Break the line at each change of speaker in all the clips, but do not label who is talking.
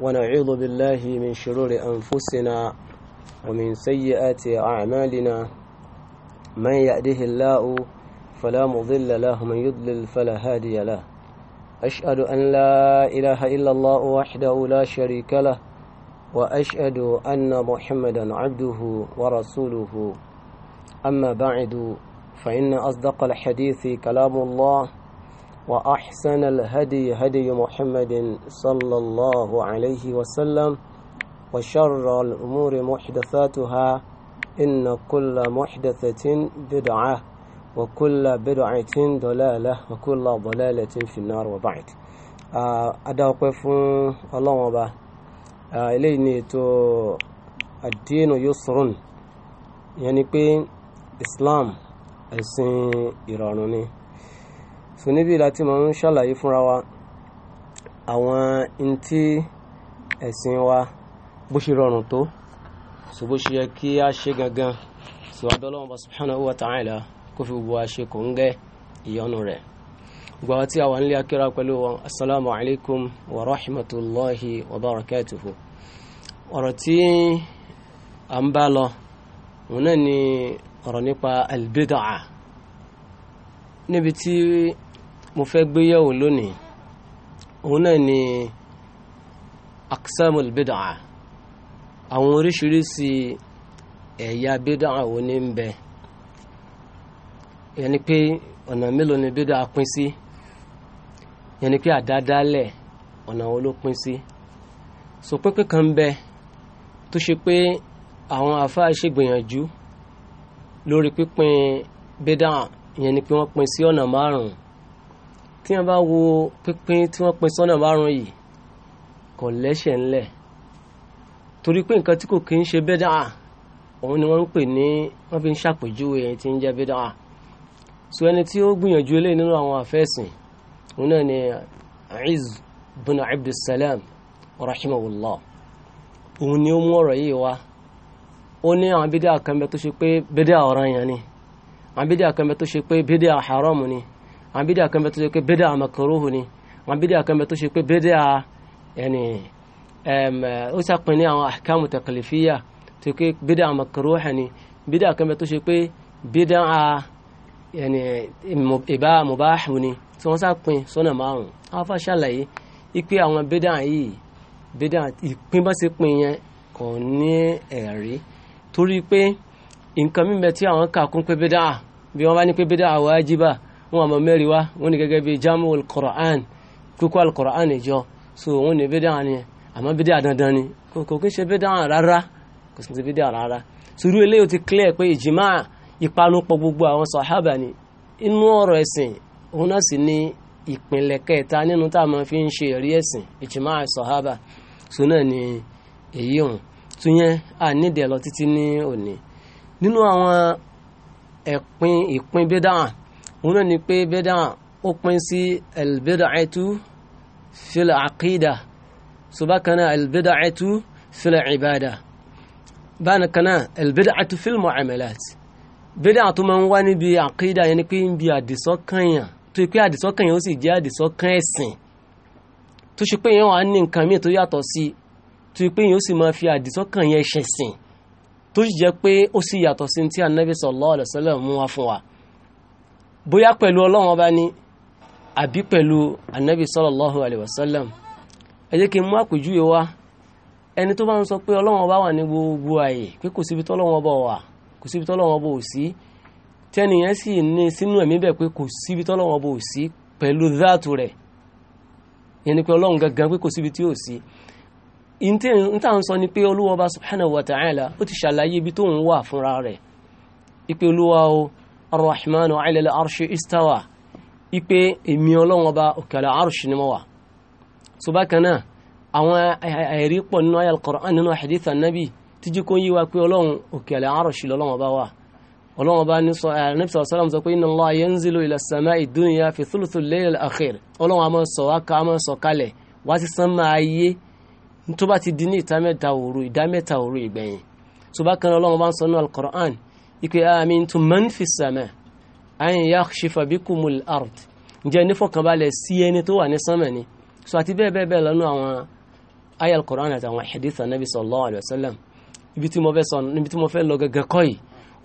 ونعوذ بالله من شرور أنفسنا ومن سيئات أعمالنا من يأده الله فلا مضل له من يضلل فلا هادي له أشهد أن لا إله إلا الله وحده لا شريك له وأشهد أن محمدا عبده ورسوله أما بعد فإن أصدق الحديث كلام الله وأحسن الهدي هدي محمد صلى الله عليه وسلم وشر الأمور محدثاتها إن كل محدثة بدعة وكل بدعة ضلالة وكل ضلالة في النار وبعد أدوقف الله وبا إليني تو الدين يسر يعني بين إسلام ẹ̀sìn إيرانوني so níbi láti máa ń ṣàlàyé fúnra wa àwọn ntí ẹ̀sìn wa bó ṣe rọrùn tó so bó ṣe yẹ kí a ṣe gangan so adọ́lọ́wọ́n bá subhanahu wa ta'ala kó fi gbogbo wa ṣe kò ń gẹ́ ìyọnu rẹ̀ gbogbo àwọn tí akẹ́rọ pẹ̀lú wọn asalaamu alaykum wa rahmatulahi wa barakatuhu ọ̀rọ̀ tí a ń bá lọ òun náà ni ọ̀rọ̀ nípa albida'a níbi tí mo fẹ́ gbéyẹ̀wò lónìí òun náà ni aksamul bid'a àwọn oríṣiríṣi ẹ̀yà bid'a wo ní ń bẹ yẹn ni pé ọ̀nà mélòó ni bid'a pín sí yẹn ni pé àdádálẹ̀ ọ̀nà wo ló pín sí so pínpín kan ń bẹ tó ṣe pé àwọn àfáà ṣègbìyànjú lórí pípín bid'a yẹn pé wọ́n pín sí ọ̀nà márùn-ún tí wọ́n bá wo pínpín tí wọ́n pín sọ́nà márùn yìí kò lẹ́sẹ̀ ńlẹ̀ torí pé nǹkan tí kò kí ń ṣe bẹ́dà òun ni wọ́n ń pè ní wọ́n fi ń ṣàpèjúwe ẹni tí ń jẹ́ bẹ́dà so ẹni tí ó gbìyànjú eléyìí nínú àwọn àfẹ́sìn òun náà ni aiz bin abdulsalam rahimahullah òun ni ó mú ọ̀rọ̀ yìí wá ó ní àwọn bídà kan bẹ tó ṣe pé bídà ọ̀ranyàn ni àwọn bídà kan bẹ tó ṣe pé bídà haram ni àwọn bídíà kan bẹ tó ṣe pé bídíà makaruhu ni àwọn bídíà kan bẹ tó ṣe pé bídíà ẹni ó ṣàpin ní àwọn ahkamu taklifiya tó pé bídíà makaruhu ni bídíà kan bẹ tó ṣe pé bídíà ẹni ìbá mubahu ni tí wọ́n ṣàpin sọ́nà márùn-ún àwọn afa ṣàlàyé ipe àwọn bídíà yìí bídíà ìpín bá ṣe pin yẹn kò ní ẹ̀rí torí pé nǹkan mímẹ tí àwọn kà kún pé bídíà bí wọ́n bá ní pé bídíà wájibà wọn àmọ́ mẹ́rin wá wọn ni gẹ́gẹ́ bíi jamu al-Qur'an kíkọ́ al-Qur'an ìjọ so wọn ni bídà ni àmọ́ bídà dandan ni kò kí n ṣe bídà rárá kò sì ń ṣe bídà rárá sùúrù eléyìí ti clear pé ìjìmá ìpanupọ̀ gbogbo àwọn sàhábà ni inú ọ̀rọ̀ ẹ̀sìn òun náà sì ní ìpìnlẹ̀ kẹta nínú tá a máa fi ń ṣe ẹ̀rí ẹ̀sìn ìjìmá sàhábà so náà ni èyí òun tún yẹn à nídìí ẹ̀ lọ títí ní òní nínú àwọn ẹ̀pin ìpín bídà hàn òun náà ni pé bídà ó pín sí albid'atu fil aqida ṣùgbọ́n kan náà albid'atu fil ibada báyìí kan náà albid'atu fil mu'amalat bídà tó máa ń wá níbi aqida yẹn ni pé ń bi àdìsọ́kànyàn tó yẹ pé àdìsọ́kàn yẹn ó sì jẹ́ àdìsọ́kàn ẹ̀sìn tó ṣe pé yẹn wà ní nǹkan míì tó yàtọ̀ sí i tó yẹ pé yẹn ó sì máa fi àdìsọ́kàn yẹn tó sì jẹ́ pé ó sì yàtọ̀ sí ti ànábì sallallahu mú wá fún wa bóyá pẹ̀lú ọlọ́run ọba ni àbí pẹ̀lú anabi sallallahu alayhi wa sallam kí mú àpèjúwe wá ẹni tó bá ń sọ pé ọlọ́run ọba wà ní gbogbo ààyè pé kò síbi tọ́lọ́run ọba wà kò síbi tọ́lọ́run ọba ò sí tẹ́nìyẹn sì ní sínú ẹ̀mí bẹ̀ pé kò síbi ọba ò sí pẹ̀lú dáàtù rẹ̀ yẹn ni pé ọlọ́run gangan pé ọba subhanahu wa ta'ala ó ti ṣàlàyé ibi o arrahman ala al-arshi istawa ipe èmi ọlọ́run ọba òkèlè arshi ni mo wà so bákan náà àwọn àìrí pọ̀ nínú ayé al-Qur'an nínú hadith anabi tíjú kó yí wa pé ọlọ́run òkèlè arshi lọ́lọ́run ọba wà ọlọ́run ọba ní sọ ànábì eh, sallam sọ pé inna Allah yanzilu ila as-sama'i dunya fi thuluthi al-layl al-akhir ọlọ́run a máa sọ wá ká a máa sọ kalẹ̀ wá sí sánmà ayé tó bá ti di ní ìdámẹ́ta òru ìdámẹ́ta òru ìgbẹ̀yìn so bákan ń sọ nínú al ike amintu ah, man fi sama an yakhshifa bikumul ard ǹjẹ́ ní fọkànbalẹ̀ sí ẹni tó wà ní sánmà ni so àti bẹ́ẹ̀ bẹ́ẹ̀ bẹ́ẹ̀ lọ́nu àwọn ayal Qur'an àti àwọn hadith anabi sallallahu alayhi wa sallam ibi tí mo fẹ́ sọ níbi tí mo fẹ́ lọ gẹ́gẹ́ kọ́ yìí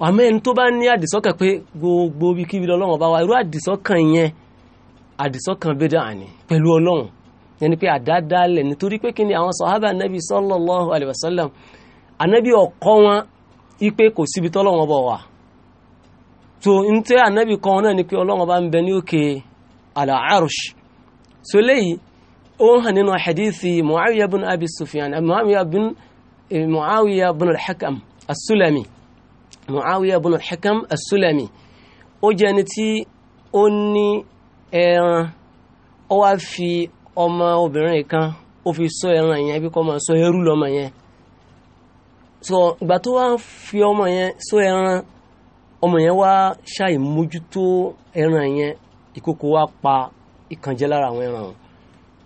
àmọ́ ẹni tó bá ní àdìsọ́kàn pé gbogbo bí kíbi lọ́lọ́wọ́ bá wa irú àdìsọ́kàn yẹn àdìsọ́kàn bẹ́ẹ̀ dà ní pẹ̀lú ọlọ́run yẹni pé àdádálẹ̀ nítorí pé kí ni àwọn sàhábà ipe kò síbi tọ́lọ́wọ́n bọ̀ wà tó ń tẹ́ ànábì kan náà ni pé ọlọ́wọ́n bá ń bẹ ní òkè àlàárùsì so léyìí ó ń hàn nínú hadithi muawiya bin abi sufyan muawiya bin eh, muawiya bin al-hakam as-sulami muawiya bin al-hakam as-sulami ó jẹ́ ẹni tí ó ní ẹran ó wá fi ọmọ obìnrin kan ó fi sọ ẹran yẹn bí kò máa sọ ẹrú lọ́mọ yẹn so ìgbà tó wá ń fi ọmọ yẹn só ẹran ọmọ yẹn wá ṣàìmójútó ẹran yẹn ìkókó wá pa ìkànjẹ lára àwọn ẹran ọ̀hún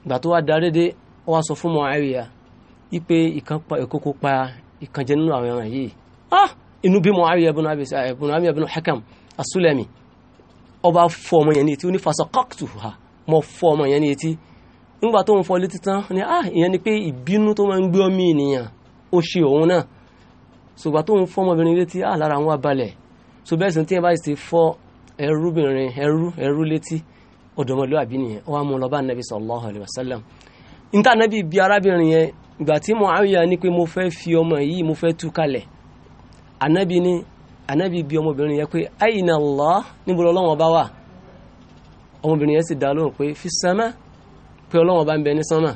ìgbà tó wá darí ó wá sọ fún wípé ìkókó pa ìkànjẹ nínú àwọn ẹran yìí ah inú Hakam ọba fọ ọmọ yẹn ní etí ó ní mọ fọ ọmọ yẹn ní etí ni ah ìyẹn ni pé ìbínú tó máa ń gbé ọmọ ṣùgbà tó ń fọ́ ọmọbìnrin létí á ah, lára wọn balẹ̀ so bẹ́ẹ̀ sì tí ẹ bá sì fọ́ ẹrúbìnrin ẹrú ẹrú létí ọ̀dọ́mọlúwàbí nìyẹn ó wá mú nàbí sallallahu alaihi wasallam níta nàbí bí arábìnrin yẹn ìgbà tí Muawiya ní pé mo fẹ́ fi ọmọ yìí mo fẹ́ tú kalẹ̀ ànábì ní ànábì bí ọmọbìnrin yẹn pé ayna Allah níbo lọ́wọ́n bá wà ọmọbìnrin yẹn sì dá lóhùn pé fi sánmà pé ọlọ́wọ́n bá ń bẹ ní sánmà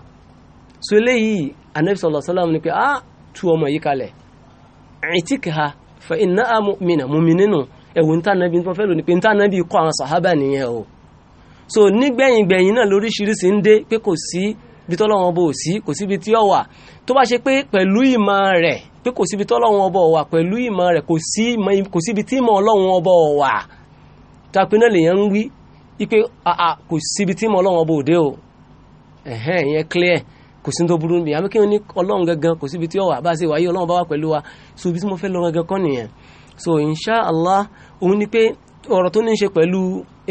so eléyìí ànábì sallallahu alaihi wasallam ní pé á ah, tú ọmọ yìí kalẹ̀ ìtìkà for iná àmúmìnà múmìnínú ẹ̀wù ń tó fẹ́ lónìí pé ń kọ́ o so nígbẹ̀yìn gbẹ̀yìn náà lóríṣiríṣi ń dé pé kò sí ibi tọ́lọ́wọ́n bò sí kò si tí ti wà tó bá ṣe pé pẹ̀lú ìmọ̀ rẹ̀ pé kò síbi tọ́lọ́wọ́n bò wà pẹ̀lú ìmọ̀ rẹ̀ kò síbi tí ìmọ̀ ọlọ́wọ́n bò wà náà lèyàn ń wí kò tí ìmọ̀ ọlọ́wọ́n bò dé o clear kò sí ní tó burú mi àmì kí ní ọlọ́run gangan kò síbi tí ó wà bá a ṣe wáyé ọlọ́run bá wà pẹ̀lú wa so ibi tí mo fẹ́ lọ gangan kọ́ nìyẹn so insha allah òun ni pé ọ̀rọ̀ tó ní í ṣe pẹ̀lú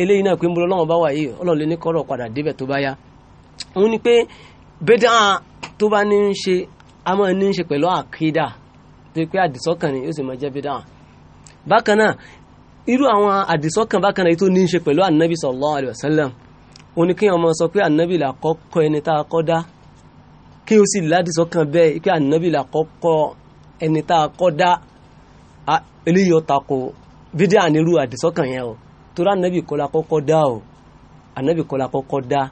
eléyìí náà pé ń bọ́ ọlọ́run bá wà yìí ọlọ́run lè ní kọ́rọ̀ padà débẹ̀ tó bá yá òun ni pé bẹ́dà tó bá ní í ṣe a máa ní í ṣe pẹ̀lú àkídà tó pé àdìsọ́kàn ni yóò sì máa jẹ́ bẹ́dà bákan náà irú àwọn àdìsọ́kàn bákan náà tó ní í ṣe pẹ̀lú ànábì sallallahu alaihi wasallam òun ni kí wọn máa sọ pé ànábì là ẹni tá a kọ́ dá kí o sì ládìsọ́kàn bẹ́ẹ̀ pé ànábì là kọ́kọ́ ẹni tá a kọ́ dá eléyìí ọ̀tà kò bídí ànírú àdìsọ́kàn yẹn o torí anabi kọ́ la kọ́kọ́ dá o anabi kọ́ la kọ́kọ́ dá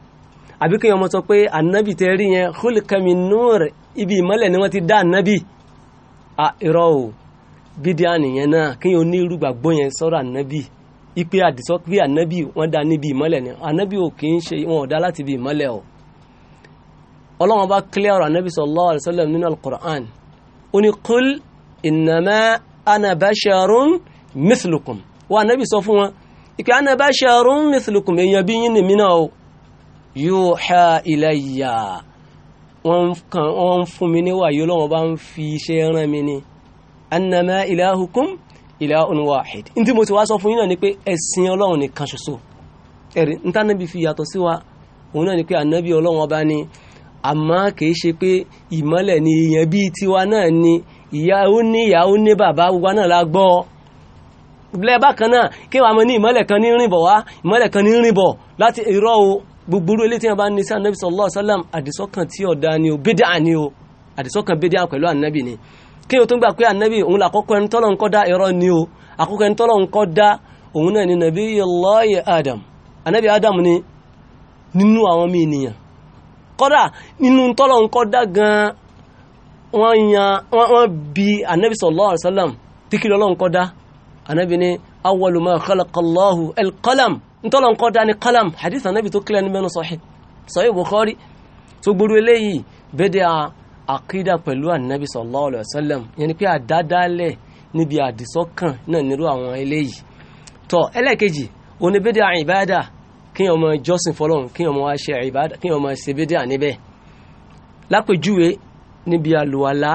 àbí kí ọmọ sọ pé ànábì tẹ rí yẹn khulika min nur ibi ìmọ́lẹ̀ ni wọ́n ti dá ànábì a irọ́ o bídí ànìyẹn náà kí o ní irú gbàgbọ́ yẹn sọ́rọ̀ ànábì ipe àdìsọ́kàn bí ànábì wọ́n dá níbi ìmọ́lẹ̀ ni ànábì ò kì í ṣe wọn ò dá láti ibi ìmọ́lẹ̀ o ọlọ́wọ́n bá kílẹ̀ ọ̀rọ̀ anábì sallallahu alaihi wasallam nínú al-Qur'an ó ní qul innama ana basharun mithlukum wọ́n anábì sọ fún wọn ìpè ana basharun mithlukum èèyàn bí yín nìmí náà yuha ilayya wọ́n fún mi níwà yìí ọlọ́wọ́n bá ń fi iṣẹ́ rán mi ni annama ilahukum ilahun wahid ní tí mo ti wá sọ fún yín náà pé ẹ̀sìn ọlọ́run nìkan ṣoṣo ẹ̀rí ní àmọ́ kìí ṣe pé ìmọ́lẹ̀ ni èèyàn bíi tiwa náà ni ìyá ó ní ìyá ó ní bàbá wa náà la gbọ́ lẹ́ẹ̀bá kan náà kí wàá mọ ní ìmọ́lẹ̀ kan ní rìnbọ̀ wá ìmọ́lẹ̀ kan ní rìnbọ̀ láti irọ́ o gbogbo orí ilé tí wọ́n bá ní sí anabi sallallahu alaihi wasallam àdìsọ́kàn tí ọ̀dà ni o bídà ni o àdìsọ́kàn bídà pẹ̀lú anabi ni kí o tó gbà pé anabi òun là kọ́kọ́ ẹni tọ́lọ̀ ńkọ́ dá irọ́ ni o àkọ́kọ́ ẹni tọ́lọ̀ ńkọ́ dá òun náà ni nabiyullahi adam anabi adam ni nínú àwọn mí ènìyàn kọ́dà nínú tọ́lọ̀ ń kọ́dá gan wọ́n yan wọ́n bi anabi sallallahu alaihi wasallam tí kí lọ́lọ́ ń kọ́dá anabi ni awwalu ma khalaqa Allahu al-qalam ntọ́lọ̀ ń kọ́dá ni qalam hadith anabi tó kílẹ̀ ní mẹ́nu sahih sahih Bukhari tó gbóró eléyìí bẹ́ẹ̀dẹ̀ àkídà pẹ̀lú anabi sallallahu alaihi wasallam yẹn ni pé àdádálẹ̀ níbi àdìsọ́kàn náà nírú àwọn eléyìí tọ́ ẹlẹ́ẹ̀kejì oníbẹ́dẹ̀ àìbáyàdà kíyàn ọmọ jọ́sìn fọlọ́run kíyàn ọmọ wa ṣe ìbádà kíyàn ọmọ ṣe bídíà níbẹ̀ lápèjúwe níbi àlùwàlá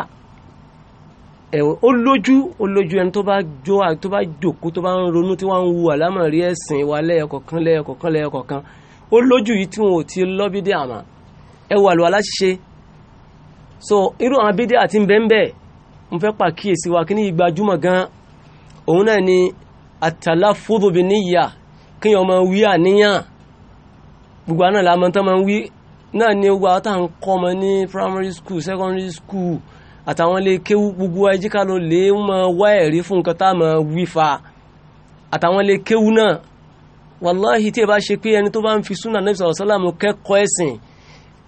ẹ̀wọ̀n ó lójú ó lójú ẹni tó bá jó tó bá jòkó tó bá ń ronú tí wọ́n ń wu àlámọ̀rí ẹ̀sìn wa lẹ́yọkọ̀kan lẹ́yọkọ̀kan lẹ́yọkọ̀kan ó lójú yìí tí wọn ò ti lọ bídíà àmà ẹ̀wọ̀n àlùwàlá ṣiṣẹ́ so irú àwọn bídíà àti bẹ́ńbẹ́ ń fẹ́ pàkíyèsí wa kí ní ìgbàjúmọ̀ gan òun náà ni àtàlà fúdùbí níyà kíyàn ọmọ wíyà níyàn gbogbo àná làmọ́ tán máa ń wí náà ni ogun àwọn táwọn kọ́ ọmọ ní primary school secondary school àtàwọn ilé kéwú gbogbo ẹjí ká ló lè máa wá ẹ̀rí fún nǹkan tá máa wí fa àtàwọn ilé kéwú náà wàláhì tí ẹ bá ṣe pé ẹni tó bá ń fi súnà nẹ́bí sọ̀rọ̀ sọ́làmù kẹ́kọ̀ọ́ ẹ̀sìn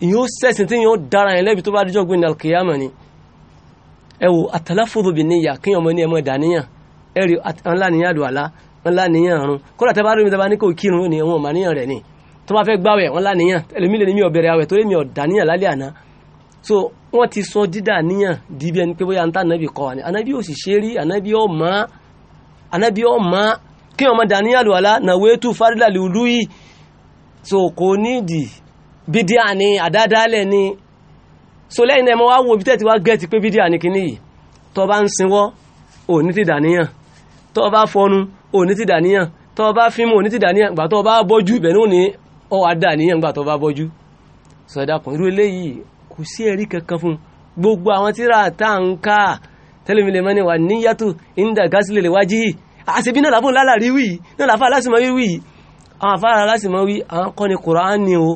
ìyóò sẹ̀sìn tí yóò dára yẹn lẹ́bi tó bá díjọ́ gbé nàlkìyàmọ̀ ni ẹ wo àtàláfòdò bì níyà kí ọmọ ní ẹmọ ìdàníyàn ẹ rí ńlá níyàn àdùàlá ńlá níyàn ni tó bá fẹ́ gbáwẹ̀ wọn láníyàn ẹlòmí lè ní mi ò bẹ̀rẹ̀ àwẹ̀ torí mi ò dàníyàn lálẹ́ àná so wọ́n ti sọ dídà níyàn di bí ẹni pé bóyá níta ànábì kọ́ wa ni ànábì ò sì ṣe rí ànábì ò mọ́ ànábì ò mọ́ kí ọmọ dàníyàn lò wàlá nàwé tù fárílà lè lù yìí so kò nídìí bídíà ni àdádálẹ̀ ni so lẹ́yìn náà mo wá wo bí tẹ́tí wá gẹ́ẹ̀tì pé bídíà ni kíní yìí tó bá ń sinwọ́ òní ti dàníyàn tó bá fọnu òní ti dàníyàn tó bá fímù òní ti dàníyàn gbà bá bọ́jú ibẹ̀ ọ wá dà níyàn gbà tó bá bọ́jú sọ̀dá kan irú eléyìí kò sí ẹ̀rí kankan fún gbogbo àwọn tíra tá à ń ká tẹ́lẹ̀mílẹ̀ mọ́ni wà níyàtò ìndà gásílẹ̀ lè wájú yìí àṣebí náà làbọ̀ lálàrí wì náà làfà aláṣìmọ́ wí àwọn afárá aláṣìmọ́ wí àwọn kọ́ kùránì o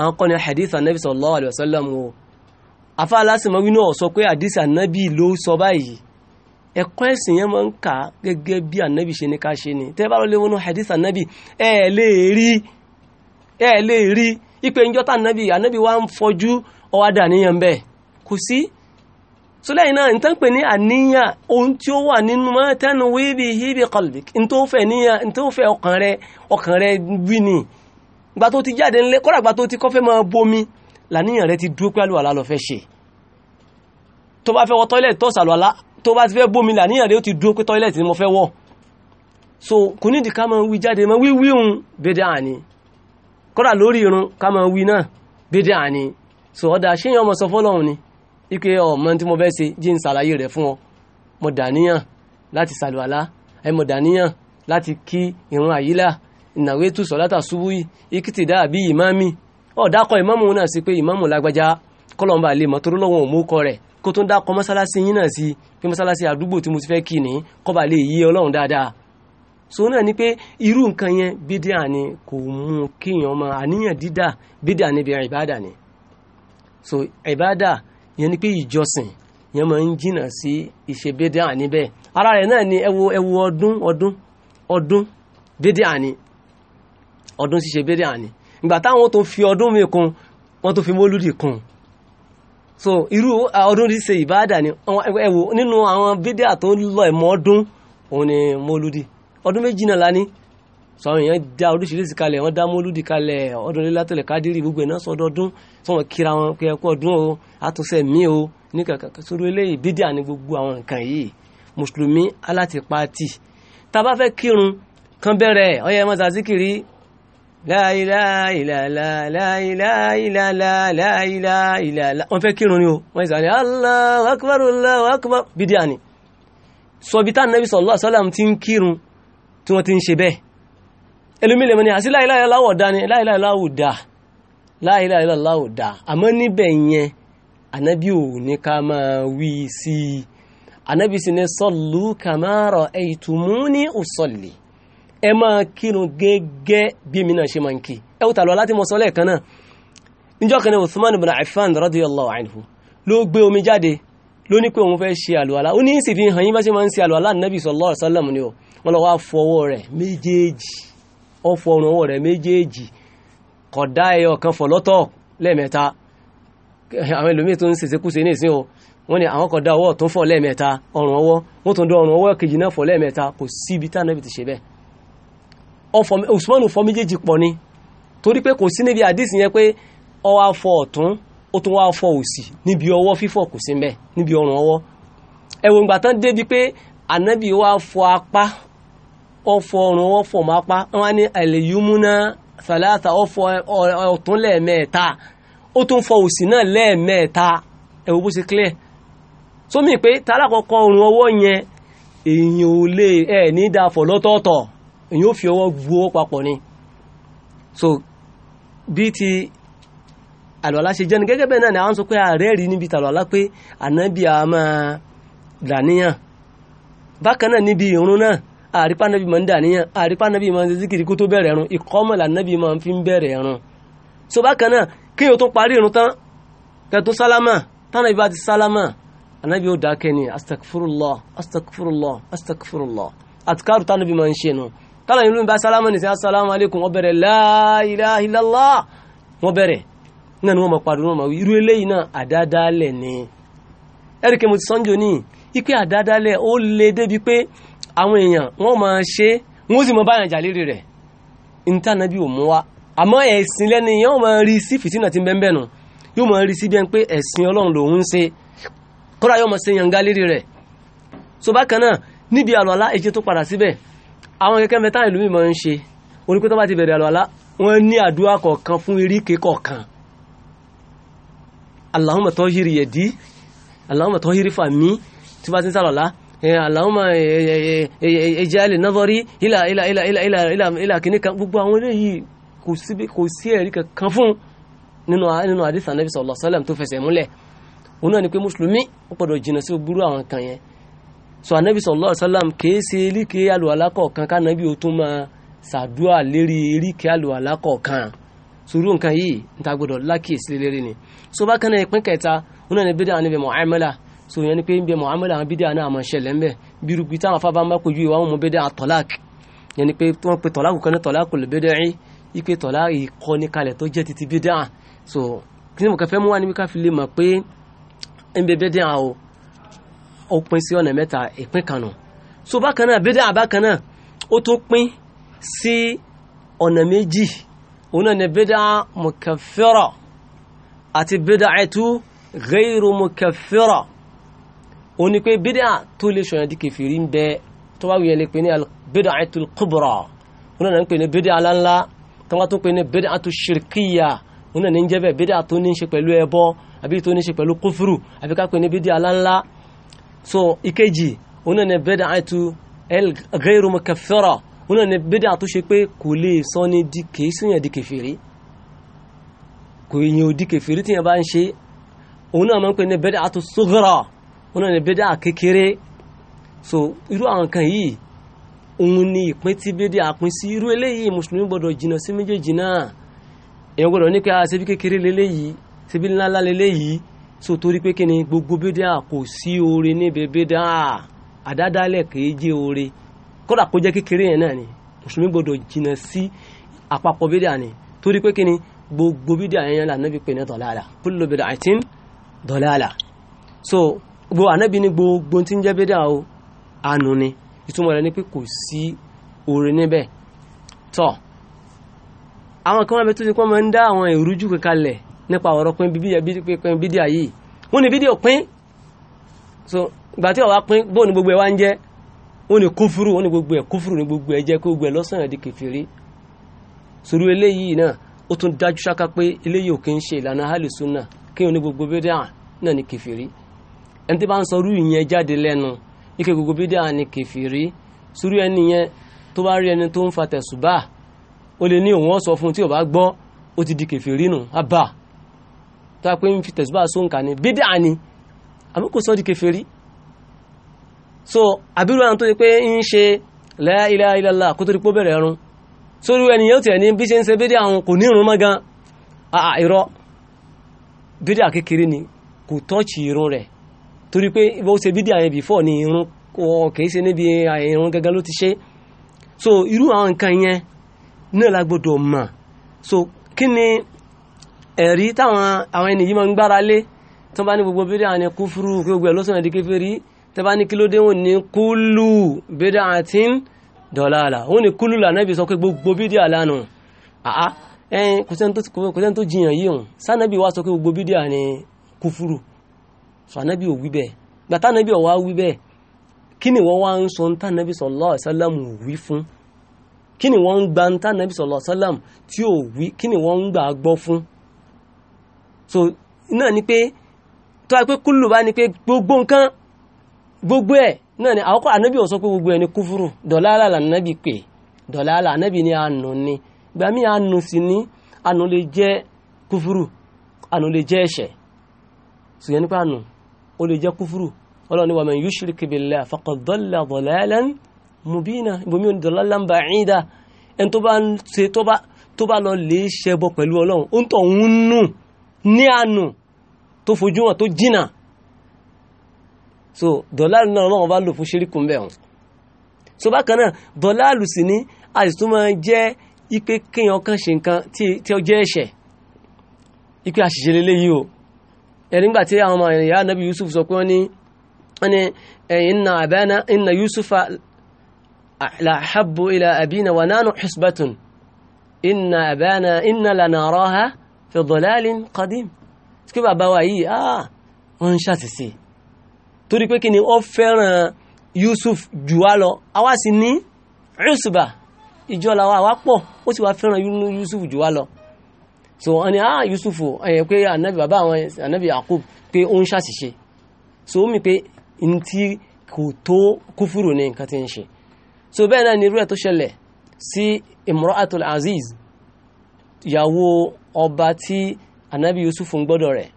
àwọn kọ́ ni hadith anabi sallallahu alayhi wa sallam o afárá aláṣìmọ́ wí náà sọ pé hadith anabi ló sọ báyìí ẹ̀kọ́ ẹ̀sìn yẹn máa ń kà gẹ́gẹ́ bí anabi ṣe ni ká ṣe ni tẹ́ bá lọ léwọ́n náà hadith anabi ẹ̀ẹ́ ẹ lè rí ipe ń jọ́tà ànábì ànábì wa ń fọjú ọ̀wádà níyàn bẹ́ẹ̀ kò sí so lẹ́yìn náà n tán pè ní àníyàn ohun tí ó wà nínú mọ́ tẹ́nu wíbi híbi qalbik n tó fẹ́ níyàn n tó fẹ́ ọkàn rẹ ọkàn rẹ wí ni gbà tó ti jáde ńlẹ̀ kọ́ra gbà tó ti kọ́ fẹ́ máa bomi làníyàn rẹ ti dúró pé àlùwàlá lọ fẹ́ ṣe tó bá fẹ́ wọ tọ́ílẹ̀tì tó sàlùwàlá tó bá ti fẹ́ bomi làníyàn rẹ ó ti dúró pé tọ́ílẹ̀tì ni mo fẹ́ wọ̀ so kò nídìí ká máa wí jáde máa wí wí òun bẹ́ẹ̀ dáa ni kódà lórí irun ká máa wí náà bídíà ni so ọ̀dà ṣéyàn ọmọ sọ fọ́lọ́hún ni ike ọmọ tí mo fẹ́ ṣe jí ń ṣàlàyé rẹ̀ fún ọ mo dàníyàn láti ṣàlùwàlá ẹ mo dàníyàn láti kí irun àyílà ìnáwó ètò sọ̀látà ṣubú yìí ikìtì dàbí ìmáàmì ọ̀dàkọ̀ ìmáàmù náà sí pé ìmáàmù lágbájá kọlọmba lè mọ torí lọ́wọ́ òmùkọ rẹ̀ kó tó ń dákọ̀ mọ́sálásí yín náà sí pé mọ́sálásí àdúgbò tí mo ti fẹ́ kí ni kọ́ba lè yí ọlọ́run dáadáa so náà ni pé irú nǹkan yẹn bídíà ni kò mú kíyàn ọmọ àníyàn dídà bídíà níbi ìbádà ni so ìbádà yẹn ni pé ìjọsìn yẹn máa ń jìnnà sí ìṣe bídíà níbẹ̀ ara rẹ̀ náà ni ẹwo ẹwo ọdún ọdún ọdún bídíà ni ọdún ṣíṣe bídíà ni ìgbà táwọn tó fi ọdún mi kún wọ́n tó fi mólúdì kún so irú ọdún ṣíṣe ìbádà ni ẹwo nínú àwọn bídíà tó lọ ẹ̀mọ́ ọdún òun ni mólúdì ọdún méjì náà lání sọ àwọn èèyàn dá oríṣiríṣi kalẹ̀ wọ́n dá mọ́lúdì kalẹ̀ ọdún lélátọ̀lẹ̀ kádírì gbogbo ẹ̀ náà sọ ọdọọdún tí wọ́n kíra wọn pé ẹkú ọdún o àtúnṣe mi o ní kàkà sórí eléyìí bídíà ni gbogbo àwọn nǹkan yìí mùsùlùmí aláti pàtì tá a bá fẹ́ kírun kan bẹ̀rẹ̀ ọyẹ mọ́ sàzíkìrì láìláìláìláìláìláìláìláìláìláìlá wọ́n fẹ́ kírun ni o wọ́n yẹ sàlẹ̀ Allahu akbar Allahu akbar bídíà ni sọ bí tá tí wọ́n ti ń ṣe bẹ́ẹ̀ ẹlòmílẹ̀ mọ́ ni àti láìláìláwọ̀ dá ni láìláìláwọ̀ dá láìláìláwọ̀ dá àmọ́ níbẹ̀ yẹn ànábì ò ní ká máa wí sí i ànábì sì ní sọ́lù kàmáàrọ̀ ẹ̀yìtùmúní òsọ̀lì ẹ máa kírun gẹ́gẹ́ bí mi náà ṣe máa ń kí ẹ wò tàlọ́ láti mọ sọ́lẹ̀ kan náà níjọ́ kan ní Uthman ibn Affan radiyallahu anhu ló gbé omi jáde ló ní pé òun fẹ́ ṣe àlùwàlá ó ní sì fi hàn yín bá ṣe máa ń ṣe àlùwàlá nàbì sallallahu alaihi ni ó wọ́n lọ wá fọwọ́ rẹ̀ méjèèjì ó fọ ọrùn ọwọ́ rẹ̀ méjèèjì kọ̀dá ẹyọ kan fọ̀ lọ́tọ̀ lẹ́ẹ̀mẹ́ta àwọn ẹlòmíì tó ń ní ìsìn o wọ́n ní àwọn kódà ọwọ́ tó ń fọ̀ ọwọ́ wọ́n ọwọ́ kejì náà fọ̀ kò sí ibi tá ti ṣe ni torí pé kò sí níbi àdìsí yẹn pé ó tún wáá fọ òsì níbi ọwọ́ fífọ̀ kò sí mbẹ́ níbi ọrùn ọwọ́ ẹ̀wọ̀n ìgbà tán débi pé ànábì wáá fọ apá ọ̀fọ̀ ọrùn ọwọ́ fọ̀ mọ́ apá wọn ní àlèyúmúná sàlátà ọ̀fọ̀ ọ̀tún lẹ́ẹ̀mẹ́ta ó tún fọ òsì náà lẹ́ẹ̀mẹ́ta ẹ̀wọ̀n bó ṣe clear sómi pé tálákọ̀ọ́kọ́ ọrùn ọwọ́ yẹn èèyàn ò lè ẹ̀ ní dáfọ̀ lọ́tọ̀ọ̀tọ̀ èèyàn ò fi ọwọ́ gbowó papọ̀ ni so bí ti àlùwàlá ṣe jẹ́ ni gẹ́gẹ́ bẹ́ẹ̀ náà ni àwọn sọ pé ààrẹ rí níbi tàlùwàlá pé ànábì a máa dàníyàn bákan náà níbi ìrun náà àrípa ànábì máa ń dàníyàn àrípa ànábì máa ń zikiri kó tó bẹ̀rẹ̀ ẹ̀run ìkọ́mọ̀ lànábì máa ń fi ń bẹ̀rẹ̀ ẹ̀run so bákan náà kí o tó parí ìrun tán kẹtó sálámà tánà ìbá ti sálámà ànábì ó dákẹ́ ni astagfirullah astagfirullah astagfirullah àtikárù tánàbì máa ń la ilaha illallah wọ́n bẹ̀rẹ̀ náà ni wọ́n máa pariwo wọn máa wí irú eléyìí náà àdádálẹ̀ ni ẹ̀ríkẹ́ mo ti sọ́njọ́ ní ipe àdádálẹ̀ ó le débi pé àwọn èèyàn wọ́n máa ṣe wọ́n sì máa báyàn jà lérí rẹ̀ intanẹ́bí ò mú wa àmọ́ ẹ̀sìn lẹ́ni yóò máa rí sí fìtínà tí ń bẹ́ẹ̀ nù yóò máa rí sí bí pé ẹ̀sìn ọlọ́run lòun ń ṣe kọ́ra yóò máa ṣe yànga lérí rẹ̀ so bákan náà níbi àlọ́lá èjì tó padà síbẹ̀ àwọn kẹ̀kẹ́ mẹ́ta ìlú mi máa ń ṣe onípẹ́ tó bá ti bẹ̀rẹ̀ àlọ́lá wọ́n ní àdúrà kọ̀ọ̀kan fún eríkè kọ̀ọ̀kan Allahumma tahhir yadi Allahumma tahhir fami tí bá ti ń sàlọ̀lá Allahumma ij'al nadhari ilà ilà ilà ilà ilà ilà ilà kìíní kan gbogbo àwọn eléyìí kò sí ẹ̀rí kankan fún nínú àdìsá nàbí sallallahu alaihi wasallam tó fẹsẹ̀ múlẹ̀ òun náà ni pé mùsùlùmí ó gbọ́dọ̀ jìnnà sí gbúrú àwọn kan yẹn so anabi sallallahu alaihi wasallam kìí ṣe eríkèé àlùwàlá kọ̀ọ̀kan kánabi ó tún máa ṣàdúrà lérí eríkèé àlùwàlá kọ̀ọ̀kan sùúrù nǹkan yìí níta gbọdọ̀ lákìsí lélẹ́rẹ́ ni so bákan náà ìpín kẹta wọn náà ní bídà níbi mu'amala so yẹn ni pé níbi mu'amala àwọn bídà náà àmọ́ ṣẹlẹ̀ ńbẹ bírúgbì táwọn afábá ń bá kojú ìwà wọn mú bídà àtọ́lák yẹn ni pé wọ́n pe tọ́lákù kan ní tọ́lákù lè bídà yín ipe tọ́lá ìkọ́ni kalẹ̀ tó jẹ́ titi bídà so kí ni mo kàn fẹ́ mú wá níbi ká fi lè mọ̀ pé ń bẹ bídà o ó pín sí ọ̀nà mẹ́ta ìpín kan nù so bákan náà bídà bákan náà ó tún pín sí ọ̀nà méjì òun ni bídá mùkàfírà àti bídá ẹ̀tú gẹ́rù mùkàfírà òun ni pé bídá tó lè ṣọ̀yàn di kèfèrí ń bẹ tó wá wíyẹn lè pè ní bídá ẹ̀tú kúbùrà òun náà ń pè ní bídá aláńlá tó wá tó pè ní bídá ẹ̀tú ṣìrìkìyà òun náà ní jẹ́ bẹ́ẹ̀ bídá tó ní ṣe pẹ̀lú ẹbọ àbí tó ní ṣe pẹ̀lú kúfùrù àbí ká pè ní bídá aláńlá so ìkejì òun náà ní bídá ẹ̀tú gẹ́rù mùkàfírà wọn náà ni bídà tó ṣe pé kò lè sọ ní di kìí síyàn di kèfèrí kò yìn ò di kèfèrí tíyàn bá ń ṣe òun náà máa ń pè ní bídà tó sógọ́rọ̀ wọn náà ni bídà kékeré so irú àwọn kan yìí òun ni ìpín tí bídà pín sí irú eléyìí mùsùlùmí gbọdọ̀ jìnnà sí méjèèjì náà èèyàn gbọdọ̀ ní pé a ah, ṣe bí kékeré leléyìí ṣe bí ńláńlá leléyìí so torí pé kí ni gbogbo bídà kò sí oore níbi bídà àdádálẹ̀ kìí oore kódà kó jẹ́ kékeré yẹn náà ni mùsùlùmí gbọdọ̀ jìnnà sí àpapọ̀ bídà ni torí pé kíni gbogbo bídà yẹn là nábì pè ní dọ̀láàlà kullu bid'atin dọ̀láàlà so gbogbo ànábì ni gbogbo tí ń jẹ́ bídà o ànú ni ìtumọ̀ rẹ̀ ni pé kò sí oore níbẹ̀ tọ́ àwọn kan wọn bẹ tó ti pọ́n máa ń dá àwọn ìrújú kankanlẹ̀ nípa ọ̀rọ̀ pín bídíà yìí wọ́n ní bídíà pín so ìgbà tí ọ̀wá pín bóun ni gbogbo ẹ̀ wá ń jẹ́ wọ́n ní kúfúrú wọ́n ní gbogbo ẹ̀ kúfúrú ní gbogbo ẹ̀ jẹ́ kó gbogbo ẹ̀ lọ́sàn ẹ̀ di kèfèrí sòrò eléyìí náà ó tún dájú ṣáká pé eléyìí ò kí ń ṣe ìlànà ahlu sunna kí ní gbogbo bídíà náà ní kèfèrí ẹni tí bá ń sọ irú ìyẹn jáde lẹ́nu ike gbogbo bídíà ní kèfèrí sòrò ẹni yẹn tó bá rí ẹni tó ń fa tẹ̀sùbà ó lè ní òun ọ̀sọ̀ fún tí ò bá gbọ́ ó ti di kèfèrí nù abà tó a pé ń fi tẹ̀sùbà sóǹkà ní bídíà ni àmọ́ so àbírú àwọn tó ti pé ń ṣe la ilaha illallah kó tó rí pó bẹ̀rẹ̀ ẹ̀rùn sórí ẹniyàn tí ẹni bí ṣe ń ṣe bídí àwọn kò ní ìrún mọ́ gan àà irọ́ bídí àkékeré ni kò tọ́ọ̀chì irun rẹ̀ torí pé bó ṣe bídí ni irun kìí irun gẹ́gẹ́ ló ti ṣe so irú àwọn nǹkan yẹn náà la gbọ́dọ̀ mọ̀ so kí ni ẹ̀rí táwọn àwọn ènìyàn máa ń gbára lé bá ní gbogbo bídí àwọn ẹni kúfúrú gbogbo tẹ́bá ní kí ló dé wọn ní kúlù bídà àti dọ̀làlà wọn ní kúlù lànàbì sọ pé gbogbo bídà lánàá àá ẹn kò sẹ́ni tó jiyàn yìí hàn sànàbì wá sọ pé gbogbo bídà ní kúfúrù sọ ànàbì ò wí bẹ́ẹ̀ gbàtà ànàbì ò wá wí bẹ́ẹ̀ kí ni wọ́n wá ń sọ ntá ànàbì sallallahu alaihi wí fún kí ni wọ́n ń gba ntá ànàbì sallallahu alaihi tí ò wí kí ni wọ́n ń gbà gbọ́ fún so náà ni pé tó a pé kúlù bá ni pé gbogbo nǹkan gbogbo ẹ̀ náà ni àkọ́kọ́ ànábì ò sọ pé gbogbo ẹ̀ ni kúfúrù dọ̀làlà lànàbì pè dọ̀làlà ànábì ni àánú ni gbà mí àánú sí ní àánú lè jẹ́ kúfúrù àánú lè jẹ́ ẹ̀ṣẹ̀ ṣùgbọ́n nípa àánú ó lè jẹ́ kúfúrù ọlọ́ni wa man yushrik billah faqad dalla dalalan mubina ìbomi òní dalalan ba'ida ẹni tó bá ń ṣe tó bá lọ lè ṣẹbọ pẹ̀lú ọlọ́run ó ń tọ̀ ń nù ní àánú tó fojú hàn tó jìnnà so dọ̀láàlù náà ọlọ́run bá lò fún ṣíríkù ń bẹ̀ wọn so bákan náà dọ̀láàlù sì ní àìsùnmọ́ jẹ́ ipe kéèyàn kan ṣe nǹkan tí ó jẹ́ ẹ̀ṣẹ̀ ipe àṣìṣe lélẹ́yìí o ẹ̀rí ńgbà tí àwọn ọmọ ìyá nàbí Yusuf sọ pé wọ́n ní wọ́n ní inna abana inna Yusufa la habbu ila abina wa nanu hisbatun inna abana inna fi dhalalin qadim ah, wọ́n ń ṣàṣìṣe torí pé kí ni ó fẹ́ràn Yusuf jù wá lọ àwa sì ní Usba ìjọ làwa àwa pọ̀ ó sì wá fẹ́ràn Yusuf jù wá lọ so wọn ni ah Yusuf ẹ̀yẹ pé anabi bàbá àwọn anabi Yakub pé ó ń ṣàṣìṣe so ó mi pé n tí kò tó kúfúrú ní nǹkan tí ń ṣe so bẹ́ẹ̀ náà ni irú ẹ̀ tó ṣẹlẹ̀ sí Imra'atul Aziz ìyàwó ọba tí anabi Yusuf ń gbọ́dọ̀ rẹ̀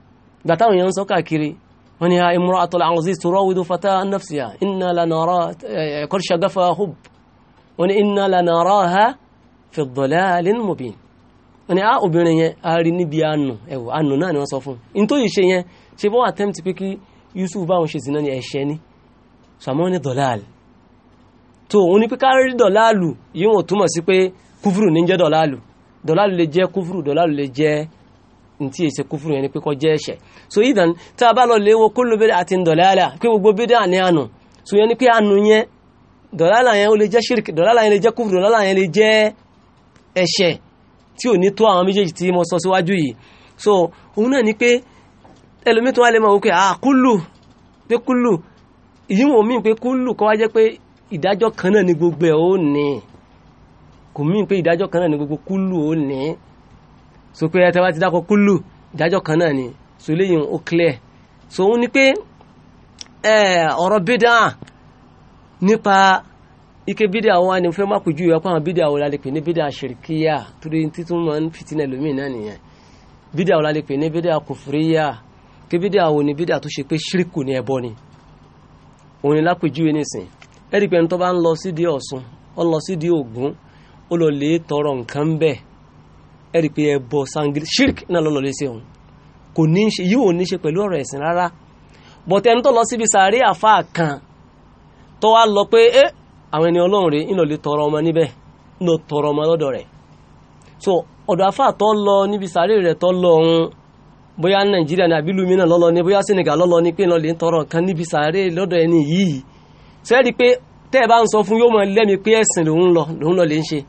gbàtàwọn yẹn ń sọ káàkiri wọ́n ni a imra'atul aziz turawidu fataha nafsiha inna lanara kol shagafa hub wọ́n ni inna lanaraha fi dhalalin mubin wọ́n ni a ah, obìnrin yẹn a rí níbi àánú ẹ̀wọ̀ àánú náà ni wọ́n sọ fún in tó yìí ṣe yẹn ṣe bọ́ attempt pé kí yusuf bá wọn ṣe zina ni ẹ̀ṣẹ̀ ni sàmọ́ ni dhalal tó òun ni pé ká rí dọ̀láàlù yíwọ̀n túmọ̀ sí pé kúfùrù ní jẹ́ dọ̀láàlù dọ̀láàlù lè jẹ́ kúfùrù dọ̀láàlù lè jẹ́ ntí èsè kúfúrú yẹn ni pé kọ́ jẹ́ ẹ̀ṣẹ̀ so idan tá a bá lọ léwo kullu bid'atin dalalah pé gbogbo bídà ní àánú so yẹn ni pé àánú yẹn dọ̀lálà yẹn ó lè jẹ́ ṣírìkì dọ̀lálà yẹn lè jẹ́ kúfúrú dọ̀lálà yẹn lè jẹ́ ẹ̀ṣẹ̀ tí ò ní tó àwọn méjèèjì tí mo sọ síwájú yìí so òun náà ni pé ẹlòmíì tó wá lè máa wò pé ah kullu pé kullu èyí wò mí pé kullu kọ́ wá jẹ́ pé ìdájọ́ kan náà ni gbogbo ẹ̀ ó ní kò mí pé ìdájọ́ kan náà ni gbogbo kullu ó ní so pé ẹ tẹ́wá ti dákọ̀ kúlù ìdájọ́ kan náà ni so léyìn ó clear so òun ni pé ọ̀rọ̀ bídà nípa ike bídà wa ni fẹ́ má kú ju ìyá pàmò bídà wo la lè pè ní bídà ṣìrìkíyà torí títún máa ń fìtínà lómìn náà nìyẹn bídà wo la lè pè ní bídà kùfúríyà kí bídà wo ni bídà tó ṣe pé ṣíríkù ni ẹbọ ni òun ni lápèjúwe nísìn ẹ̀rí pé ẹni tó bá ń lọ sídìí Ọ̀ṣun ó lọ sídìí Ògún ó lọ lè tọrọ nǹkan bẹ́ẹ̀ ẹ̀rí pé e ẹbọ sangiri shirk náà lọ́lọ́ lé sí kò ní ṣe yìí ní ṣe pẹ̀lú ọ̀rọ̀ ẹ̀sìn rárá bọ̀tẹ́ tó lọ síbi kan tó lọ pé ẹ àwọn ẹni ọlọ́run rè ńlọ lè tọrọ ọmọ níbẹ̀ ńlọ tọrọ ọmọ lọ́dọ̀ so ọ̀dọ̀ tó lọ níbi rẹ̀ tó lọ bóyá nàìjíríà ní bóyá senegal pé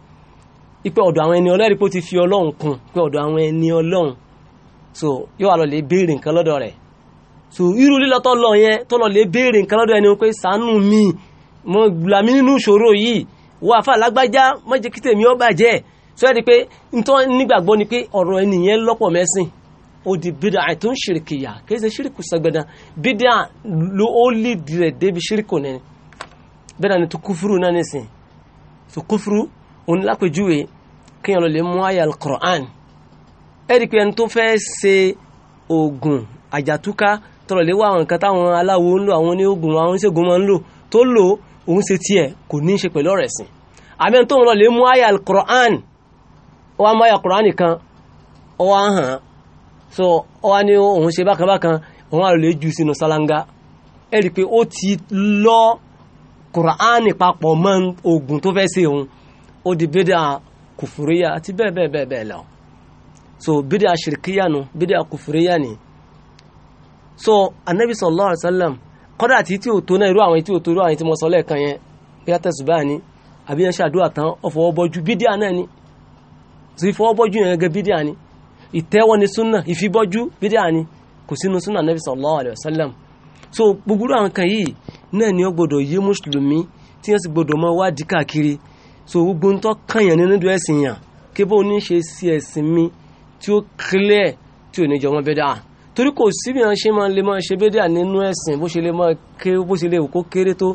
ipe ọ̀dọ̀ àwọn ẹni ọlọ́run pé ó ti fi ọlọ́run kún pé ọ̀dọ̀ àwọn ẹni ọlọ́run so yóò wá lọ lè béèrè nǹkan lọ́dọ̀ rẹ̀ so irú lílọ́tọ́ lọ yẹn tó lọ lè béèrè nǹkan lọ́dọ̀ ẹni pé sànú mi mo gbà mí nínú ìṣòro yìí wọ àfa lágbájá má jẹ́ kí ó bàjẹ́ so ẹ di pé ntọ́ nígbàgbọ́ ni pé ọ̀rọ̀ ẹni yẹn lọ́pọ̀ mẹ́sìn ó di bídà àìtó ń ṣìrìkìyà kì í ṣe ṣìrìkù sàgbẹ̀dà bídà ló ó lè dirẹ̀ débi ṣìrìkù nẹni bẹ́ẹ̀ náà ni tó kúfúrú náà nìsín tó kúfúrú òun lápèjúwe kí yẹn lọ lè mú àyà alukur'an ẹ̀rí pé ẹni tó fẹ́ ṣe oògùn àjàtúká tọrọ lé wá àwọn nǹkan táwọn aláwo ń lò àwọn oníoògùn àwọn oníṣègùn máa ń lò tó lò òun ṣe tiẹ̀ kò ní í ṣe pẹ̀lú ọ̀rọ̀ ẹ̀sìn àmì ẹni tó ń lọ lè mú àyà alukur'an ó wá mú àyà alukur'an kan ó wá so ó wá ní òun ṣe bákan bákan òun àrò lè jù sínú sálángá ẹ̀rí pé ó ti lọ kur'an papọ̀ mọ́ oògùn tó fẹ́ ṣe òun ó di bídà kùfùríyà àti bẹ́ẹ̀ bẹ́ẹ̀ bẹ́ẹ̀ bẹ́ẹ̀ lọ so bídà ṣìrìkíyà nu bídà kùfùríyà ni so anabi sallallahu alayhi wa sallam kọ́dà àti tí ò tó náà irú àwọn tí ò tó irú àwọn tí mo sọ lẹ́ẹ̀kan yẹn bí atẹ́sùbá ni àbí yẹn ṣàdúrà tán ọ̀fọwọ́bọ́jú bídà náà ni so ìfọwọ́bọ́jú yẹn gẹ́gẹ́ bídà ni ìtẹ́wọ́ ni súnà ìfibọ́jú bídà ni kò sínú súnà anabi sallallahu alayhi wa sallam so gbogbo àwọn kan yìí náà ni ó gbọdọ̀ yé mùsùlùmí tí wọ́n sì gbọdọ̀ máa wádìí káàkiri so gbogbo ń tọ́ kànyàn nínú ìdú ẹ̀sìn yàn kí bó ní ṣe sí ẹ̀sìn mi tí ó clear tí ò ní jọ wọn bẹ́dà torí kò síbi yàn ṣe máa lè máa ṣe bẹ́dà nínú ẹ̀sìn bó ṣe lè máa ké bó ṣe lè kó kéré tó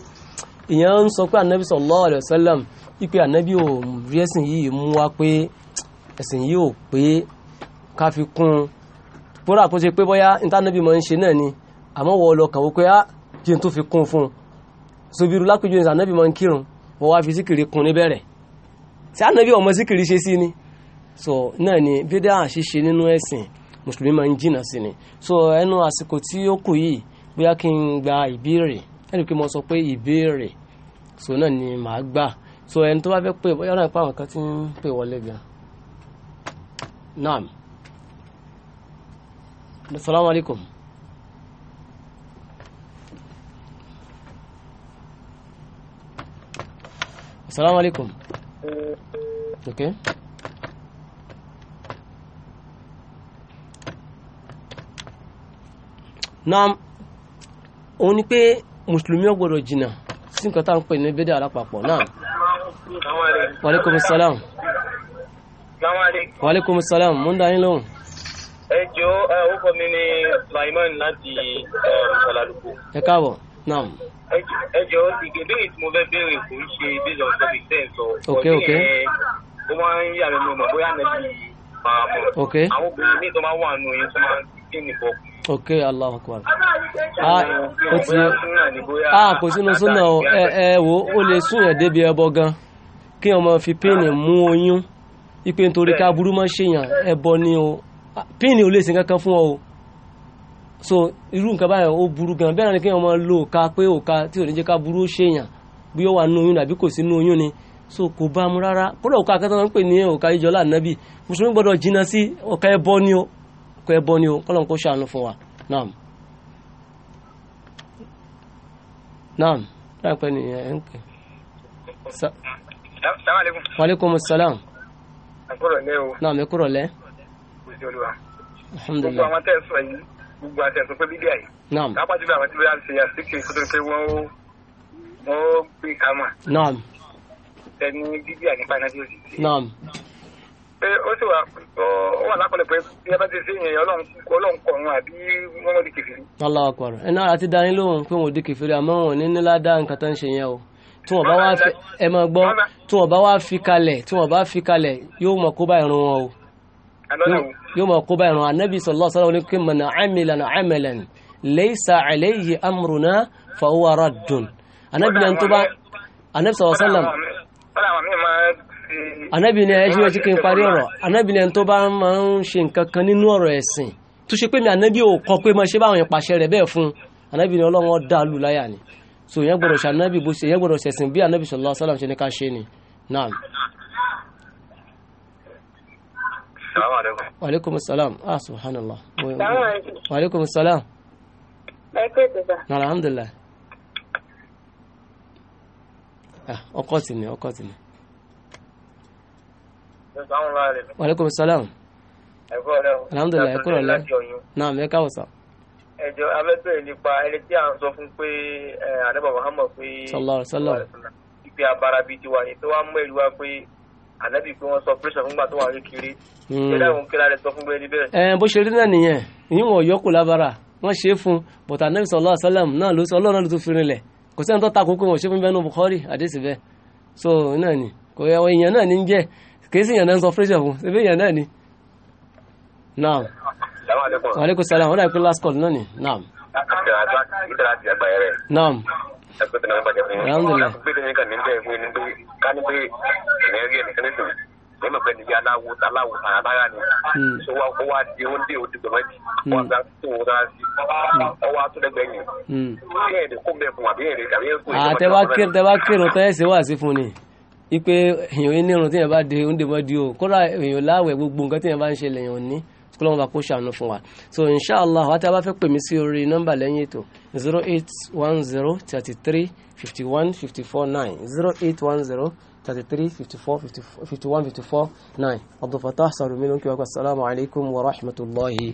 ìyẹn ń sọ pé anabi sallallahu alaihi wasallam ipe anabi ò rí ẹ̀sìn yìí mú wa pé ẹ̀sìn yìí ò pé ká fi kún un kó ṣe pé bóyá ìtànàbí máa ń ṣe náà ni àmọ́ wọ́n lọ kàn pé á ah, jẹun tó fi kún fún un sobiru lápèjọ ìsànàbí máa ń kírun wọ́n wá fi síkìrì kun níbẹ̀rẹ̀ tí ànábì ọmọ síkìrì ṣe sí ni so náà ni bídà ṣíṣe nínú ẹ̀sìn mùsùlùmí máa ń jìnnà sí ni so ẹnu àsìkò tí ó kù yìí bóyá kí n gba ìbéèrè ẹni pé mo sọ pé ìbéèrè so náà ni màá gbà so ẹni tó bá fẹ́ pè bóyá náà pé àwọn kan ti ń pè wọlé gan naam salaamaleykum. salamu alaikum okay. naam òun ni pé mùsùlùmí ò gbọ́dọ̀ jìnnà sí nǹkan tá à ń pè ní bídà alápapọ̀ náà. wàlẹ́kùmù sálàm. wàlẹ́kùmù sálàm mo ń dá yín lóhùn. ẹ jọ orúkọ mi ni Sulaiman láti Sàlàlùkù. ẹ káàbọ̀ ẹ jọ ìgbè béèrè tí mo fẹ́ béèrè kò ń ṣe based on topic ten sọ ọdún yẹn ó máa ń yà mí mo mọ̀ bóyá nàbí máa mọ̀ àwọn obìnrin míì tó máa wà nù yín tó máa ń kí nìbọn. ok Allahu akbar ah, ó ti a ah, kò sínú súnà ọ ẹ wo o lè súnyàn débi ẹbọ gan kí ọmọ fi píìnì ah. mú oyún ipe nítorí ká burú mọ́ ṣèyàn ẹbọ ni o píìnì ò lè ṣe kankan fún ọ o so iru nǹkan báyìí ó burú gan bẹ́ẹ̀ ni kí wọ́n máa lo òka pé òka tí ò ní jẹ́ ká burú ṣèyàn bí ó wà nínú oyún àbí kò sí nínú oyún ni so kò bá mu rárá kódà òka akẹ́tọ́ o ń pè ní òka ìjọlá ànábì mùsùlùmí gbọ́dọ̀ jìnnà sí òka ẹbọ ni ó ni o kọ́lọ́n kó ṣàánú fún wa naam naam láìpẹ́ ẹ̀ ń o. naam ẹ kúrò gbogbo àti ẹ̀sùn pé bídíà yìí. kápá jùlọ àwọn tí wọ́n yà ń ṣèyàn síkì kó tó pé wọ́n ó wọ́n ó gbé e kámà. ẹni bídíà nípa iná tí ó sì ṣe. pé ó sì wà ó wà lápẹ̀lẹ̀ pé bí a bá ti ṣe ìyẹn ọlọ́run kọ̀ ọ́n àbí wọ́n di kẹfìrí. Allahu akbar ẹ náà àti dání lóhùn pé wọn ò di kẹfìrí àmọ́ wọn ò ní nílá dá nǹkan tó ń ṣe yẹn o tí wọn bá wá ẹ máa gbọ́ tí fi kalẹ̀ yóò mọ̀ kó bá ìrun wọn o yóò máa kó bá ìrun anábì sallallahu alaihi wasallam ní kí man amila amalan laysa alayhi amruna fa huwa raddun anábì ní tó bá anábì sallallahu alaihi wasallam anábì ní ẹjú ẹjú kí n parí ọ̀rọ̀ anábì ní tó bá máa ń ṣe nǹkan kan nínú ọ̀rọ̀ ẹ̀sìn tó ṣe pé mi anábì ò kọ pé máa ṣe báwọn ìpàṣẹ rẹ̀ bẹ́ẹ̀ fún anábì ní ọlọ́run dá lù láyà ni so ìyẹn gbọ́dọ̀ ṣe anábì bó ṣe ìyẹn gbọ́dọ̀ ṣẹ̀sìn bí anábì sallallahu alaihi ṣe ní ká ṣe ni naam. Assalamu alaikum. Ah, wa alaikum Ah Wa salaam. Na alhamdulillah. Ah ọkọ ti ọkọ Wa Alhamdulillah ẹ kúrò lẹ. Náà mi ká wọ̀sán. Ẹjọ́ abẹ́tẹ̀ nípa ẹni tí a ń sọ fún pé Muhammad pé. Sallallahu wa sallam. abarabi ti wa pé ànábì pé wọ́n sọ pírẹ́sọ̀ fúngbà tó wà ní kiri ìṣẹ̀dá hmm. òun kíra rẹ̀ sọ fún bẹ́ẹ̀ níbẹ̀. ẹ bó ṣe rí náà nìyẹn ìyíwọ̀n yọkù lábára wọ́n ṣe é fún but ànábì sallallahu alaihi wasallam náà ló sọ ọlọ́run ló tún fi rinlẹ̀ kò sẹ́ni tó takò pé wọ́n ṣe fún bẹ́ẹ̀ ní Bukhari àdéhùn bẹ́ẹ̀ so náà ni kò yẹ wọ èèyàn náà ní jẹ́ kì í sì èèyàn náà sọ pírẹ́sọ̀ fún ṣe bẹ́ẹ̀ èèyàn náà ni. naam waaleykum salaam wọn dà last call náà ni naam. naam ẹgbẹ́ tí nàmbà jẹ́ fún mi. wọ́n gbé fún ni. so wa yìí. bí tí èèyàn bá de oúnjẹ mọ́ di o kódà èèyàn láwẹ̀ gbogbo nǹkan tí èèyàn bá ń ṣe lèèyàn ní kó lọ́wọ́ bá kó ṣàánú fún wa so inshallah wa tí a bá sí orí nọ́mbà lẹ́yìn ètò zero eight one zero thirty three fifty one fifty four nine zero eight one zero thirty three fifty four fifty one fifty four nine Abdulfatah Sarumi ló ń wa kó wa rahmatulahi